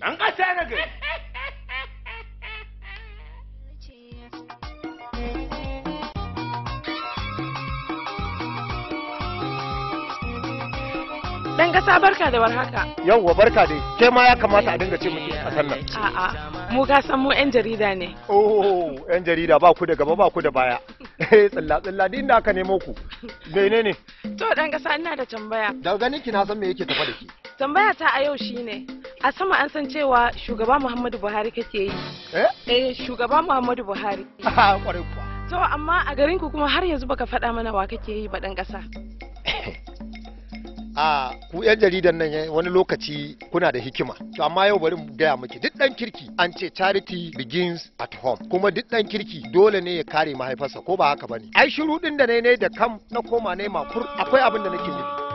ɗan ƙasa na gari Dan kasa barka da warhaka. wa barka dai. Ke ma ya kamata a dinga ce muke a nan. A'a, mu ka san mu yan jarida ne. Oh, yan jarida ba ku da gaba ba ku da baya. Eh, tsalla tsalla din da aka nemo ku. Menene? To dan kasa ina da tambaya. Da ganin ki na san me yake tafa da ki. Tambaya ta a yau shine. a sama an san cewa shugaba muhammadu buhari kake yi eh, eh shugaba muhammadu buhari ah, to amma a garin ku kuma har yanzu baka faɗa mana wa kake yi ba dan ƙasa a ah, ku yan jaridan nan eh, wani lokaci kuna da hikima to amma yau bari mu gaya miki duk dan kirki an ce charity begins at home kuma duk dan kirki dole ne ya kare mahaifarsa ko ba haka bane ai shiru din da ne da kam na koma ne makur akwai abin da nake nufi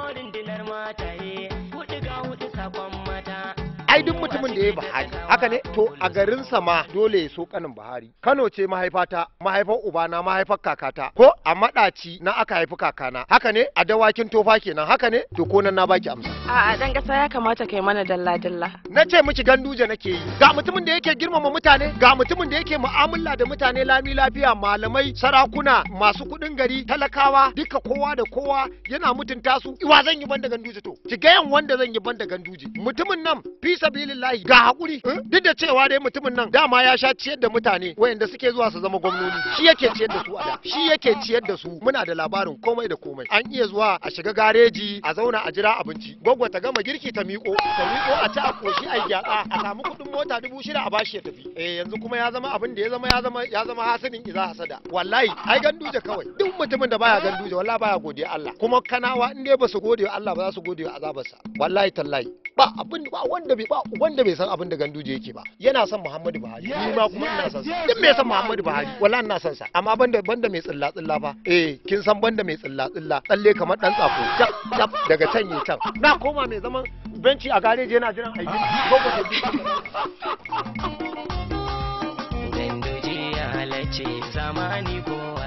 ai duk mutumin da ya yi buhari haka ne to a garinsa ma dole ya so kanin buhari kano ce mahaifata mahaifar ubana mahaifar kakata ko a madaci na aka haifi kakana haka ne a dawakin tofa kenan haka ne to ko nan na baki amsa a a dan gasa ya kamata kai mana dalla dalla na ce miki ganduje nake yi ga mutumin da yake girmama mutane ga mutumin da yake mu'amala da mutane lami lafiya malamai sarakuna masu kuɗin gari talakawa duka kowa da kowa yana mutunta su Iwa zan yi banda ganduje to ki ga yan wanda zan yi banda ganduje mutumin nan fi sabilillahi ga hakuri eh? duk da cewa dai mutumin nan dama ya sha ciyar da mutane wayanda suke zuwa su zama gwamnoni shi yake ciyar da su a da shi yake ciyar da su muna da labarin komai da komai an iya zuwa a shiga gareji a zauna a jira abinci gwagwa ta gama girki ta miƙo ta miƙo a ci a koshi a gyatsa a samu kuɗin mota dubu shida a bashi ya tafi eh yanzu kuma ya zama abin da ya zama ya zama ya zama hasidin iza hasada wallahi ai ganduje kawai duk mutumin da baya ganduje wallahi baya godiya Allah kuma kanawa in dai ba su gode Allah ba za su gode azabarsa wallahi tallahi ba abin ba wanda bai ba wanda bai san abin da ganduje yake ba yana son Muhammadu Buhari ni ma kuma ina son sa duk mai san Muhammadu Buhari wallahi ina son sa amma banda banda mai tsilla tsilla fa eh kin san banda mai tsilla tsilla tsalle kamar dan jab jab daga can yi can na koma mai zaman benci a gareji yana jiran aiki ko ko Ganduje ya halace zamani kowa